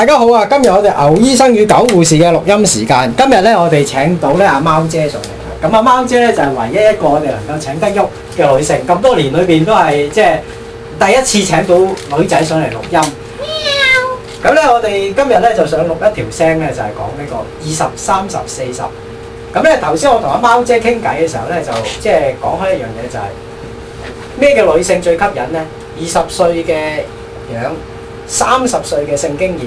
大家好啊！今日我哋牛醫生與狗護士嘅錄音時間。今日咧，我哋請到咧阿貓姐上嚟。咁阿貓姐咧，就係唯一一個我哋能夠請得喐嘅女性。咁多年裏邊都係即係第一次請到女仔上嚟錄音。咁咧喵，我哋今日咧就想錄一條聲咧，就係講呢個二十三十四十。咁咧，頭先我同阿貓姐傾偈嘅時候咧，就是，就即係講開一樣嘢，就係咩叫女性最吸引咧？二十歲嘅樣，三十歲嘅性經驗。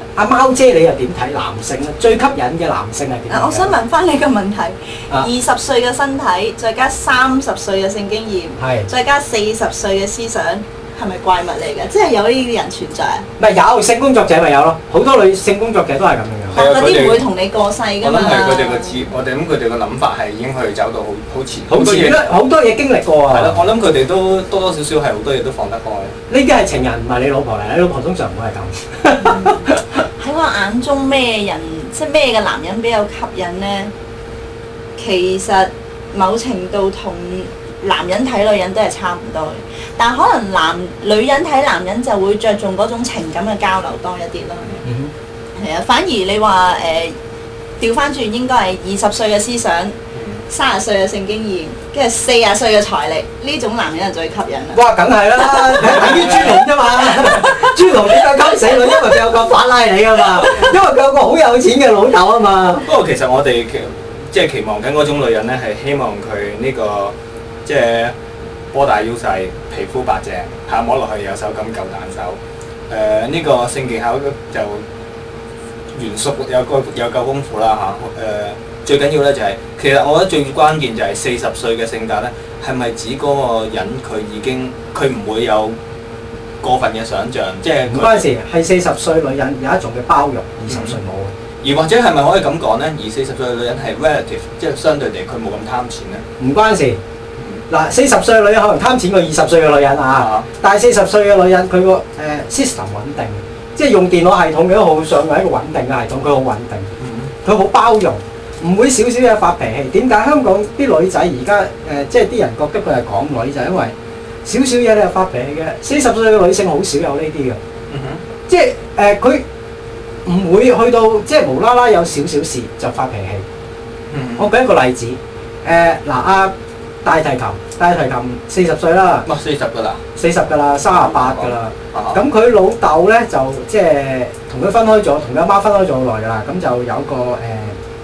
阿貓姐，你又點睇男性咧？最吸引嘅男性係點？嗱、啊，我想問翻你個問題：二十、啊、歲嘅身體，再加三十歲嘅性經驗，係是再加四十歲嘅思想，係咪怪物嚟嘅？即係有呢啲人存在啊？唔係有性工作者咪有咯？好多女性工作者都係咁樣嘅。但嗰啲唔會同你過世㗎嘛。我諗佢哋個思，我哋諗佢哋嘅諗法係已經去走到好好前。好遲多嘢，好多嘢經歷過啊。係咯，我諗佢哋都多多少少係好多嘢都放得開。呢啲係情人唔係你老婆嚟，你老婆通常唔會係咁。 我眼中咩人，即咩嘅男人比較吸引呢？其實某程度同男人睇女人都係差唔多嘅，但可能男女人睇男人就會着重嗰種情感嘅交流多一啲咯。嗯哼，係啊，反而你話誒調翻轉，呃、應該係二十歲嘅思想。三十歲嘅性經驗，跟住四十歲嘅財力，呢種男人係最吸引啦。哇，梗係啦，等於豬龍啫嘛，豬龍你得咁死卵，因為佢有架法拉利啊嘛，因為佢有一個好有錢嘅老豆啊嘛。 不過其實我哋即係期望緊嗰種女人咧，係希望佢呢、這個即係、就是、波大腰細，皮膚白淨，摸下摸落去有手感夠彈手。誒、呃，呢、這個性技巧就元素有夠有夠豐富啦吓，誒。呃最緊要咧就係、是，其實我覺得最關鍵就係四十歲嘅性格咧，係咪指嗰個人佢已經佢唔會有過分嘅想象，即係唔關事。係四十歲女人有一種嘅包容，二十歲冇。而或者係咪可以咁講咧？而四十歲嘅女人係 relative，即係相對嚟，佢冇咁貪錢咧。唔關事。嗱，四十歲嘅女人可能貪錢過二十歲嘅女人啊。但係四十歲嘅女人，佢個誒 system 穩定，即係用電腦系統嘅都好想要一個穩定嘅系統，佢好穩定，佢好、嗯、包容。唔會少少嘢發脾氣，點解香港啲女仔而家誒，即係啲人覺得佢係港女，就係、嗯、因為少少嘢你又發脾氣嘅。四十歲嘅女性好少有呢啲嘅，即係誒佢唔會去到即係無啦啦有少少事就發脾氣。我舉一個例子誒，嗱、呃、阿、啊、大提琴，大提琴四十歲啦，唔四十噶啦，四十噶啦，三啊八噶啦。咁佢老豆咧就即係同佢分開咗，同佢阿媽分開咗好耐噶啦。咁就有個誒。呃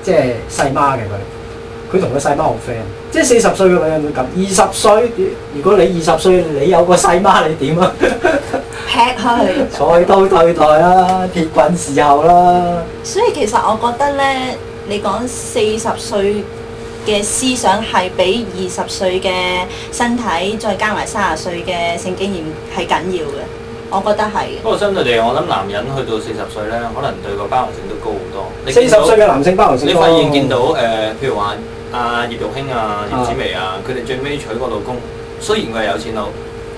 即係細媽嘅佢，佢同個細媽好 friend。即係四十歲嘅女人會咁，二十歲如果你二十歲你有個細媽，你點啊？劈去！菜刀對待啦，鐵棍伺候啦。所以其實我覺得咧，你講四十歲嘅思想係比二十歲嘅身體再加埋三十歲嘅性經驗係緊要嘅，我覺得係。不過相對嚟，我諗男人去到四十歲咧，可能對個包容性都高。四十歲嘅男性包紅線，你發現見到誒、呃，譬如話阿葉玉卿啊、葉子楣啊，佢哋、啊、最尾娶個老公，啊、雖然佢係有錢佬，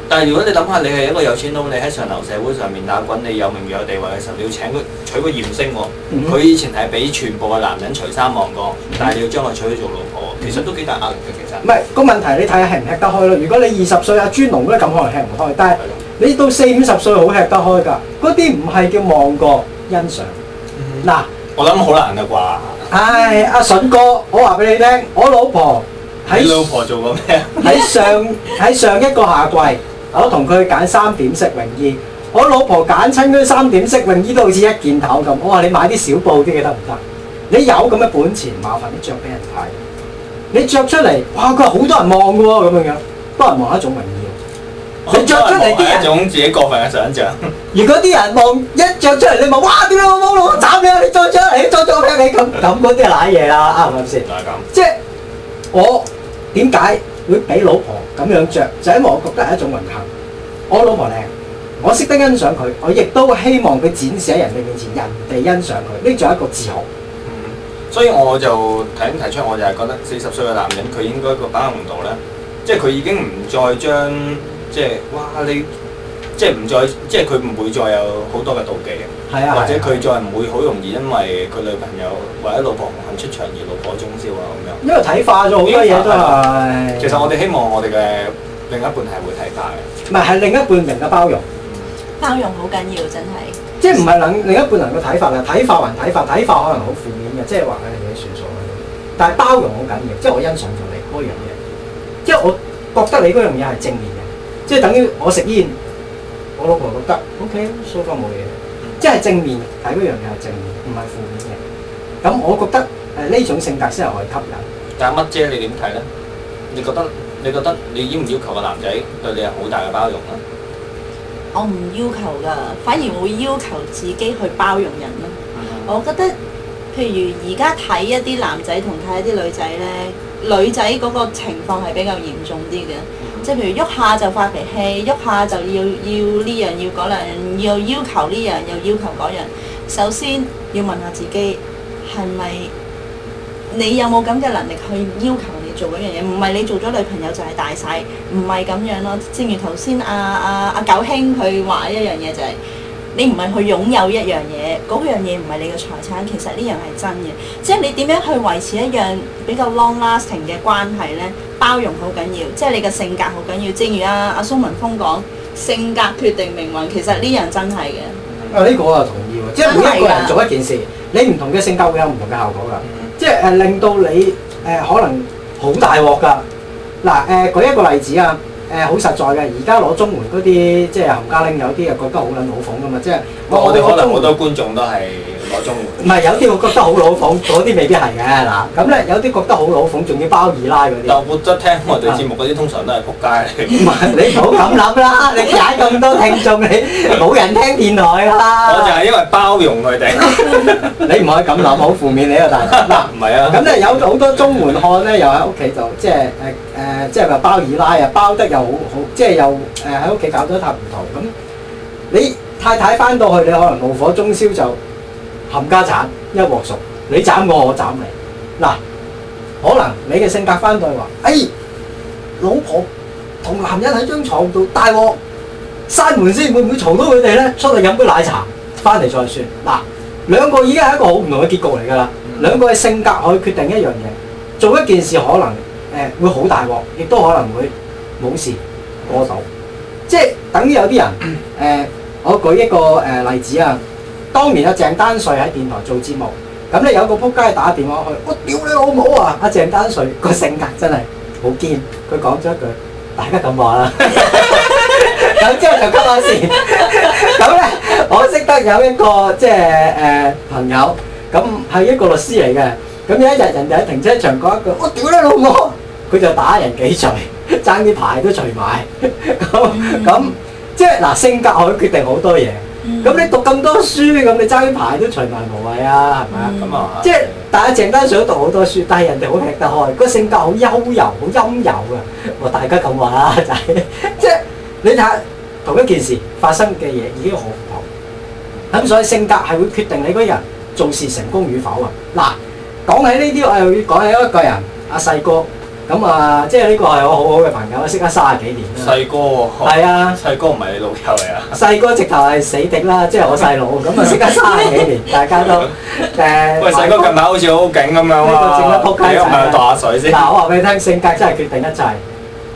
但係如果你諗下，你係一個有錢佬，你喺上流社會上面打滾，你有名有地位嘅時候，你要請佢娶個艷星喎、啊。佢、嗯、哼以前係俾全部嘅男人除衫望過，嗯、哼但係要將佢娶去做老婆，其實都幾大壓力嘅。其實唔係、嗰個問題，你睇下，係唔吃得開咯。如果你二十歲阿尊龍咧咁可能吃唔開，但係的你到四五十歲好吃得開㗎。嗰啲唔係叫望過欣賞，嗱、嗯哼。我諗好難㗎啩。唉，阿、啊、筍哥，我話俾你聽，我老婆喺你老婆做過咩？喺上喺上一個夏季，我同佢揀三點式泳衣，我老婆揀親嗰啲三點式泳衣，式泳衣都好似一件頭咁。我話你買啲小布啲嘅得唔得？你有咁嘅本錢，麻煩你著俾人睇。你著出嚟，哇！佢係好多人望嘅喎，咁樣樣，多人望一種泳衣。你着出嚟啲人，係一,一種自己過分嘅想像。 如果啲人望一着出嚟，你咪哇啲窿窿窿，斬你啊！你再着嚟，你再着 p a i 你咁咁嗰啲係瀨嘢啦，啱唔啱先？就對對就即係我點解會俾老婆咁樣着？就係、因為我覺得係一種運行。我老婆靚，我識得欣賞佢，我亦都希望佢展示喺人哋面前，人哋欣賞佢。呢仲係一個自豪。嗯，所以我就提提出，我就係覺得四十歲嘅男人，佢應該個反應度咧，即係佢已經唔再將。即係哇！你即係唔再，即係佢唔會再有好多嘅妒忌嘅，啊、或者佢再唔會好容易因為佢女朋友或者老婆唔肯出場而怒火中燒啊咁樣。因為睇化咗好多嘢都係。其實我哋希望我哋嘅另一半係會睇化嘅。唔係，係另一半明嘅包容，嗯、包容好緊要，真係。即係唔係另一半能夠睇法啦？睇化還睇化，睇化可能好負面嘅，即係話嘅嘢算數。但係包容好緊要，即係是我欣賞到你嗰樣嘢，即係是我覺得你嗰樣嘢係正面。即係等於我食煙，我老婆覺得 OK，so far 冇嘢。即係正面睇嗰樣嘢係正面，唔係負面嘅。咁我覺得誒呢種性格先係可以吸引。但係乜姐你點睇咧？你覺得你覺得你要唔要求個男仔對你有好大嘅包容咧？我唔要求噶，反而會要求自己去包容人咯。Uh huh. 我覺得譬如而家睇一啲男仔同睇一啲女仔咧，女仔嗰個情況係比較嚴重啲嘅。即係譬如喐下就發脾氣，喐下就要要呢樣，要嗰樣，又要，要求呢樣，又要，要求嗰樣。首先，要問下自己，係咪你有冇咁嘅能力去要求你做嗰樣嘢？唔係，你做咗女朋友就係大晒，唔係咁樣咯。正如頭先阿阿阿九兄佢話一樣嘢就係、是。你唔係去擁有一樣嘢，嗰樣嘢唔係你嘅財產，其實呢樣係真嘅。即係你點樣去維持一樣比較 long-lasting 嘅關係咧？包容好緊要，即係你嘅性格好緊要。正如阿、啊、阿蘇文峰講，性格決定命運，其實呢樣真係嘅。啊，呢、這個我同意喎。即係每一個人做一件事，的你唔同嘅性格會有唔同嘅效果㗎。即係呃、令到你、呃、可能好大鑊㗎。嗱、呃、誒、呃，舉一個例子啊。呃，好實在嘅，而家攞綜援嗰啲，即係冚家拎，有啲又覺得好撚好諷㗎嘛，即係我哋可能好多觀眾都係唔係有啲我覺得好老奉，嗰啲未必係嘅嗱。咁、啊、咧有啲覺得好老奉，仲要包二奶嗰啲。但係我都聽我哋節目嗰啲，通常都係仆街。唔係、啊、 你唔好咁諗啦， 你踩咁多聽眾，你冇人聽電台啦。我就係因為包容佢哋。 你唔可以咁諗，好負面 你大啊。但嗱唔係啊。咁咧有好多中門漢咧，又喺屋企就，即係誒誒，即係話包二奶啊，包得又好好，即係又誒喺屋企搞咗一塌唔同。咁。你太太翻到去，你可能怒火中燒就～冚家鏟一鑊熟，你斬我，我斬你。嗱，可能你嘅性格翻對話，哎，老婆同男人喺張床度大鑊，閂門先會唔會嘈到佢哋咧？出去飲杯奶茶，翻嚟再算。嗱，兩個已經係一個好唔同嘅結局嚟㗎啦。兩個嘅性格可以決定一樣嘢，做一件事可能、呃、會好大鑊，亦都可能會冇事過手，即係等於有啲人、呃、我舉一個、呃、例子啊。當年阿鄭丹瑞喺電台做節目，咁咧有個撲街打電話去，我屌你老母啊！阿鄭丹瑞個性格真係好堅，佢講咗一句，大家咁話啦。咁之後就 cut 我線。咁咧我識得有一個即係誒朋友，咁係一個律師嚟嘅。咁有一日人哋喺停車場講一句，我屌你老母！佢就打人幾嘴，爭啲牌都除埋。咁咁即係嗱性格可以決定好多嘢。咁你讀咁多書，咁你爭啲牌都除埋，無謂啊，係咪啊？嗯、即係大家成班想讀好多書，但係人哋好劈得開，個性格好優柔，好陰柔啊。我、哦、大家咁話啦，就係、是、即係你睇下，同一件事發生嘅嘢已經好唔同。咁所以性格係會決定你個人做事成功與否啊！嗱，講起呢啲，我又要講起一個人，阿、啊、細哥。咁啊，即係呢個係我好好嘅朋友，識咗卅幾年啦。細哥喎，係啊，細哥唔係老友嚟啊。細哥直頭係死敵啦，即係我細佬，咁啊識咗卅幾年，大家都誒。喂，細哥近排好似好勁咁樣喎，你唔係度下水先？嗱，我話俾你聽，性格真係決定得滯。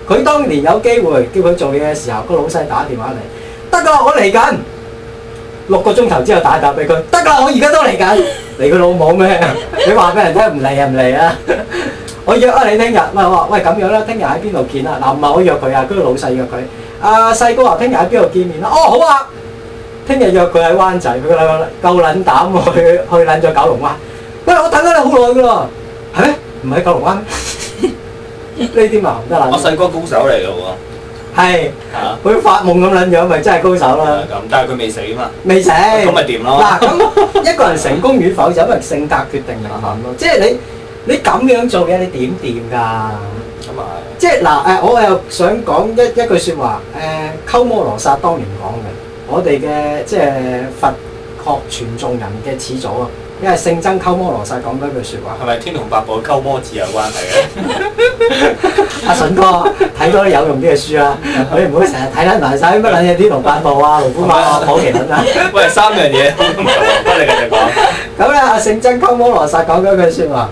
佢當年有機會叫佢做嘢嘅時候，個老細打電話嚟，得㗎，我嚟緊。六個鐘頭之後打電話俾佢，得㗎，我而家都嚟緊。嚟個老母咩？你話俾人聽唔嚟啊？唔嚟啊！我約啊你聽日，喂喂咁樣啦，聽日喺邊度見啊？嗱唔係我約佢啊，嗰個老細約佢。阿細哥話：聽日喺邊度見面啊？哦好啊，聽日約佢喺灣仔，佢夠撚膽去去撚咗九龍灣。喂，我等咗你好耐㗎喎，係唔係喺九龍灣？呢啲嘛唔得難。我細哥高手嚟嘅喎，係佢發夢咁撚樣，咪真係高手啦。咁，但係佢未死啊嘛。未死。咁咪掂咯。嗱，咁一個人成功與否就因為性格決定嘅咁咯，即係你。你咁樣做嘅，你點掂㗎？咁啊吧！即嗱我又想講一一句說話誒、呃，溝摩羅薩當年講嘅，我哋嘅即係佛確傳眾人嘅始祖啊！因為聖僧溝摩羅薩講嗰句說話，係咪天龍八部溝摩智有關係 啊？阿順哥睇多啲有用啲嘅書 不看不啊！佢唔好成日睇得難睇，乜撚嘢天龍八部啊、龍虎榜啊、保其等啊！喂，三樣嘢，翻嚟繼續講。咁咧， 聖僧溝摩羅薩講嗰句說話。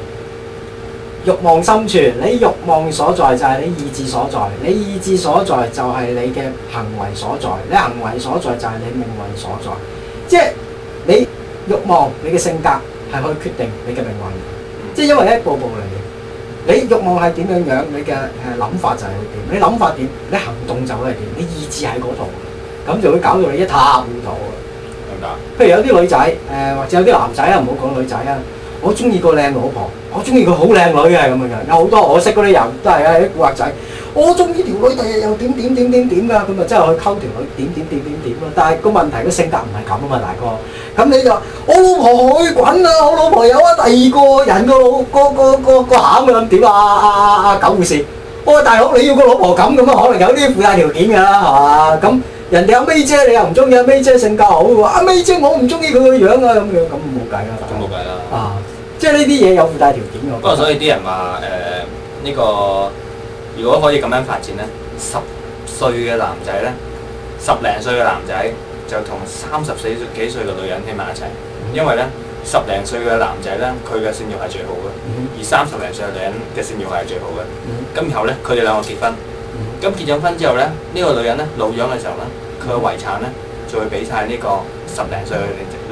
欲望深處，你欲望所在就係你意志所在，你意志所在就係你嘅行為所在，你行為所在就係你命運所在。即係你欲望，你嘅性格係可以決定你嘅命運的。即係因為一步步嚟，你欲望係點樣樣，你嘅誒諗法就係點，你諗法點，你行動就會係點，你意志喺嗰度，咁就會搞到你一塌糊塗啊！譬如有啲女仔，誒或者有啲男仔啊，唔好講女仔啊。我中意個靚老婆，我中意個好靚女啊咁樣噶，有好多我識嗰啲人都係啊啲古惑仔，我中意條女，第日又點點點點點㗎，咁啊真係去溝條女點點點點點咯。但係個問題，個性格唔係咁啊嘛，大哥。咁你就我老婆可以滾啦，啊，我老婆有啊第二個人的老個個個個個餡㗎咁點啊啊啊啊狗護士。喂、哎，大佬你要個老婆咁咁啊，可能有啲附帶條件㗎啦，係嘛？咁人哋阿 May 姐你又唔中意阿 May 姐性格好喎，阿 May 姐我唔中意佢個樣啊咁樣，咁冇計啦，真冇計啦。啊！即係呢啲嘢有附帶條件嘅，不過所以啲人話誒呢個如果可以咁樣發展咧，十歲嘅男仔咧，十零歲嘅男仔就同三十幾歲嘅女人喺埋一齊，因為咧十零歲嘅男仔咧，佢嘅性慾係最好嘅，而三十零歲嘅女人嘅性慾係最好嘅，咁然後咧佢哋兩個結婚，咁結咗婚之後咧，呢、這個女人咧老樣嘅時候咧，佢嘅遺產咧就會俾晒呢個十零歲嘅女人。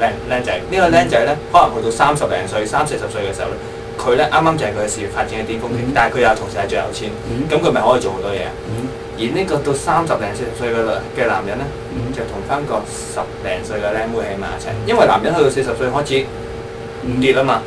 僆仔呢個僆仔咧，可能去到三十零歲、三四十歲嘅時候咧，佢咧啱啱就係佢嘅事業發展嘅巔峯期，但係佢又同時係最有錢，咁佢咪可以做好多嘢、嗯、而呢個到三十零四十歲男嘅男人咧，嗯、就同翻個十零歲嘅僆妹喺埋一齊，因為男人去到四十歲開始唔跌啦嘛，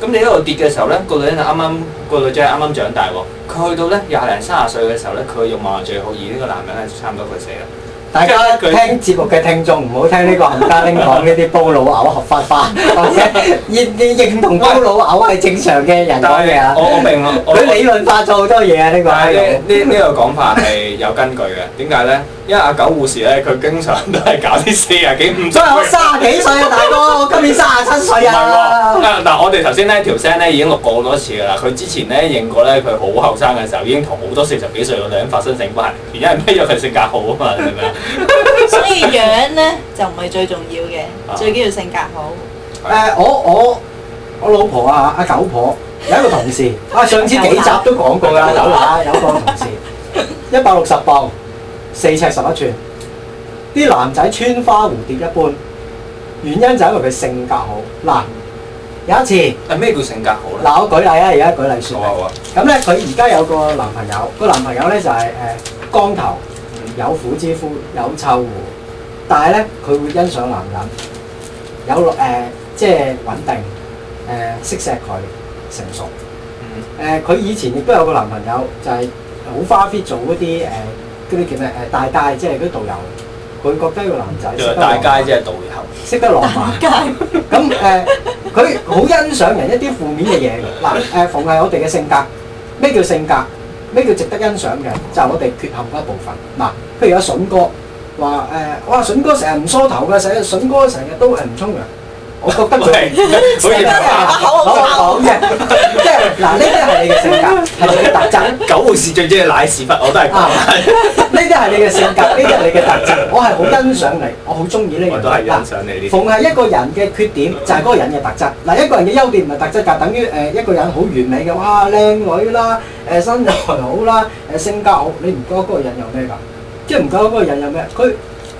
咁、嗯、你一度跌嘅時候咧，個女人就啱啱個女仔啱啱長大喎，佢去到咧廿零、卅歲嘅時候咧，佢嘅欲望係最好，而呢個男人咧差唔多佢死啦。大家聽節目嘅聽眾唔好聽呢個冚家拎講呢啲煲老藕合法化， 或者認同煲老藕係正常嘅人講嘅。我明白我明，佢理論化咗好多嘢啊！呢是個呢呢呢個講法係有根據嘅，點解咧？因為阿九護士咧，佢經常都係搞啲四啊幾唔準。所以我三十幾歲啊大哥， 我今年三十七歲啊。嗱、啊啊、我哋頭先呢條聲咧已經錄過好多次噶啦。佢之前咧認過咧，佢好後生嘅時候已經同好多四十幾歲嘅女人發生性關係。家係咩？咗佢性格好啊嘛，係咪啊？所以樣咧就唔係最重要嘅，啊、最緊要性格好。誒的、呃、我我我老婆啊阿九婆有一個同事啊， 上次幾集都講過噶，有有個同事一百六十磅。四尺十一寸，啲男仔穿花蝴蝶一般。原因就係因為佢性格好嗱。有一次，誒咩叫性格好咧？嗱，我舉例啊，而家舉例説嘅。咁咧，佢而家有個男朋友，個男朋友咧就係誒光頭，有婦之夫，有臭狐，但係咧佢會欣賞男人有誒即係穩定誒、呃、識錫佢成熟誒。佢、嗯呃、以前亦都有個男朋友，就係好花 fit 做嗰啲誒。呃嗰啲叫咩？誒大街即係嗰啲導遊，佢覺得個男仔識得浪漫。大街即係導遊，識得浪漫。大街咁誒，佢好大街、 呃、欣賞人一啲負面嘅嘢嘅。嗱、呃、誒，奉、呃、係我哋嘅性格。咩叫性格？咩叫值得欣賞嘅？就係、我哋缺陷嗰一部分。嗱、呃，譬如阿筍哥話誒，哇！筍哥成日唔梳頭嘅，成日筍哥成日都係唔沖涼。我覺得佢係好好嘅，即係嗱，呢啲係你嘅性格，係你嘅特質。九護士最中意舐屎忽，我都係。呢啲係你嘅性格，呢啲係你嘅特質。我係好欣賞你，我好中意呢樣。我都係欣賞你呢。逢係一個人嘅缺點，就係嗰個人嘅特質。嗱，一個人嘅優點唔係特質，就等於誒一個人好完美嘅，哇，靚女啦，誒身材好啦，誒性格好。你唔覺得嗰個人有咩㗎？即係唔覺得嗰個人有咩？佢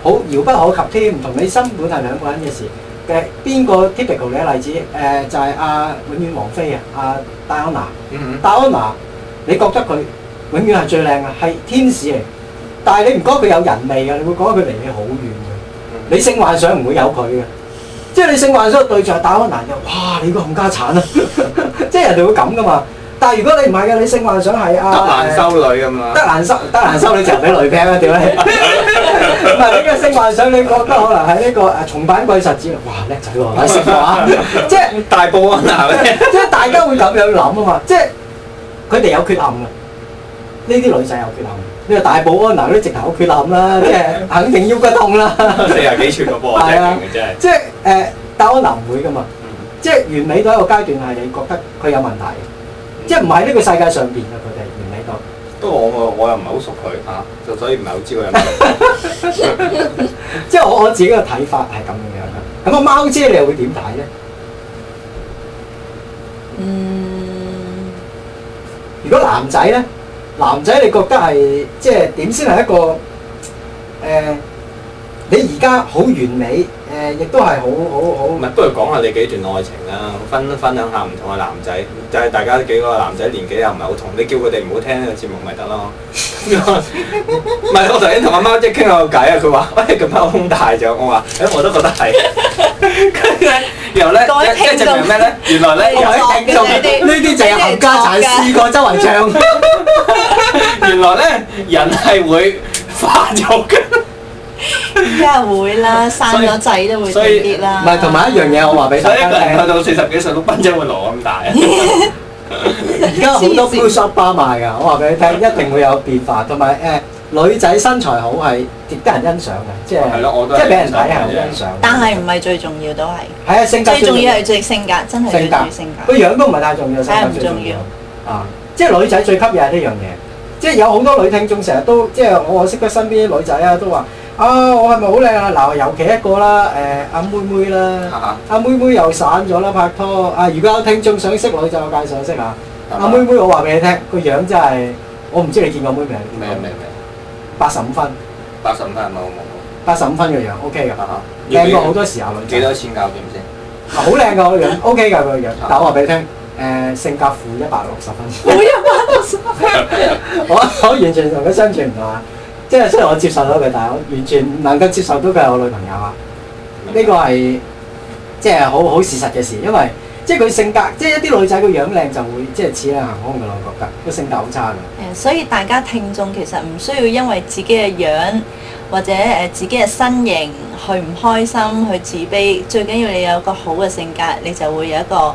好遙不可及添，唔同你身本係兩個人嘅事。嘅邊個 typical 嘅例子？呃、就係、是、阿、啊、永遠王妃啊，阿戴安娜。戴安娜，mm hmm. Diana, 你覺得佢永遠係最靚嘅，係天使嚟。但係你唔覺得佢有人味嘅？你會覺得佢離你好遠嘅。你性幻想唔會有佢嘅，即、就、係、是、你性幻想對象戴安娜，又哇你個冚家鏟啊！即係、就是、人哋會咁噶嘛。但係如果你唔係嘅，你性幻想係啊得閒收女咁啊？得閒收得閒收女就俾雷劈啦，點啊？唔係 你嘅性幻想，你覺得可能喺呢個啊重返鬼神之類。哇，叻仔喎，你識㗎？即係大保安嗱，即係大家會咁樣諗啊嘛，即係佢哋有缺陷啊。呢啲女仔有缺陷，呢、這個大保安嗱，嗰啲直頭有缺陷啦，即係肯定腰骨痛啦，四廿幾寸個波，係、就、啊、是，即係誒大保安唔會嘅嘛，即、就、係、是、完美到一個階段係你覺得佢有問題。即係唔喺呢個世界上邊嘅，佢哋唔喺度。不過我我又唔係好熟佢嚇、啊，就所以唔係好知佢有咩。即係我我自己嘅睇法係咁樣嘅。咁啊，貓姐你又會點睇咧？嗯。如果男仔咧，男仔你覺得係即係點先係一個誒、呃？你而家好完美。亦都係好好好，唔係，不如講下你幾段愛情啦，分分享一下唔同嘅男仔，就係、是、大家幾個男仔年紀又唔係好同，你叫佢哋唔好聽呢個節目咪得咯。唔係， 我頭先同阿媽即係傾下個偈啊，佢話喂咁胸大咗，我話誒、欸、我都覺得係。然後咧，即係證明咩咧？原來咧，做的有一隻名呢啲就係冚家產，試過周圍唱。 原來咧，人係會發育嘅。依家會啦，生咗仔都會大啲啦。唔係同埋一樣嘢，我話俾大家聽，到四十幾歲碌賓車會攞咁大。而家好多 Push Up Bar 賣㗎，我話俾你聽，一定會有變化。同埋誒女仔身材好係值得人欣賞嘅，即係即係俾人睇下好欣賞。但係唔係最重要，都係係啊性格最重要，係最性格真係最性格，個樣都唔係太重要，睇唔重要啊！即係女仔最吸引係呢樣嘢，即係有好多女聽眾成日都即係我我識得身邊啲女仔啊都話。啊！我係咪好靚啊？嗱，尤其一個啦，誒阿妹妹啦，阿妹妹又散咗啦，拍拖。啊，如果有聽眾想識女仔，我介紹識先啊。阿妹妹，我話俾你聽，個樣真係，我唔知你見過妹未？未未未。八十五分。八十五分咪？冇冇。八十五分嘅樣 OK 噶。嚇！靚過好多時候，女仔。幾多錢搞掂先？好靚噶個樣，OK 噶個樣。但我話俾你聽，誒性格負一百六十分。負一百六十分。我我完全同佢相處唔同啊。即係雖然我接受到佢，但係我完全唔能夠接受到佢係我女朋友啊！呢個係即係好好事實嘅事，因為即係佢性格，即係一啲女仔個樣靚就會即係似阿行康嘅，我覺得個性格好差㗎。誒，所以大家聽眾其實唔需要因為自己嘅樣或者誒自己嘅身形去唔開心、去自卑，最緊要你有個好嘅性格，你就會有一個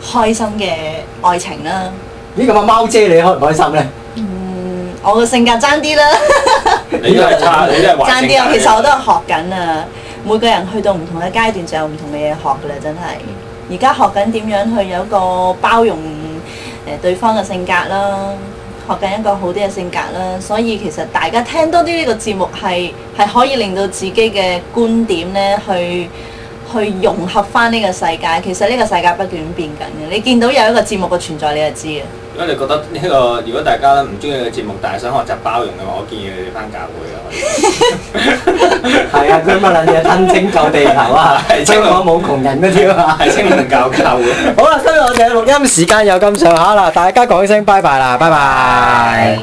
開心嘅愛情啦。咦？咁啊，貓姐你開唔開心咧？我個性格爭啲啦，你都係差，你都係爭啲啊！其實我都係學緊啊！每個人去到唔同嘅階段，就有唔同嘅嘢學㗎啦，真係。而家學緊點樣去有一個包容誒對方嘅性格啦，學緊一個好啲嘅性格啦。所以其實大家聽多啲呢個節目係係可以令到自己嘅觀點咧去去融合翻呢個世界，其實呢個世界不斷變變緊嘅。你見到有一個節目嘅存在，你就知嘅。如果你覺得呢個，如果大家咧唔中意嘅節目，但係想學習包容嘅話，我建議你哋翻教會咯。係啊，佢乜撚嘢分清楚地頭 啊？清貧冇窮人都要啊？係清貧教教。好啦，所以我哋、啊、 錄音時間又咁上下啦，大家講聲拜拜啦，拜拜。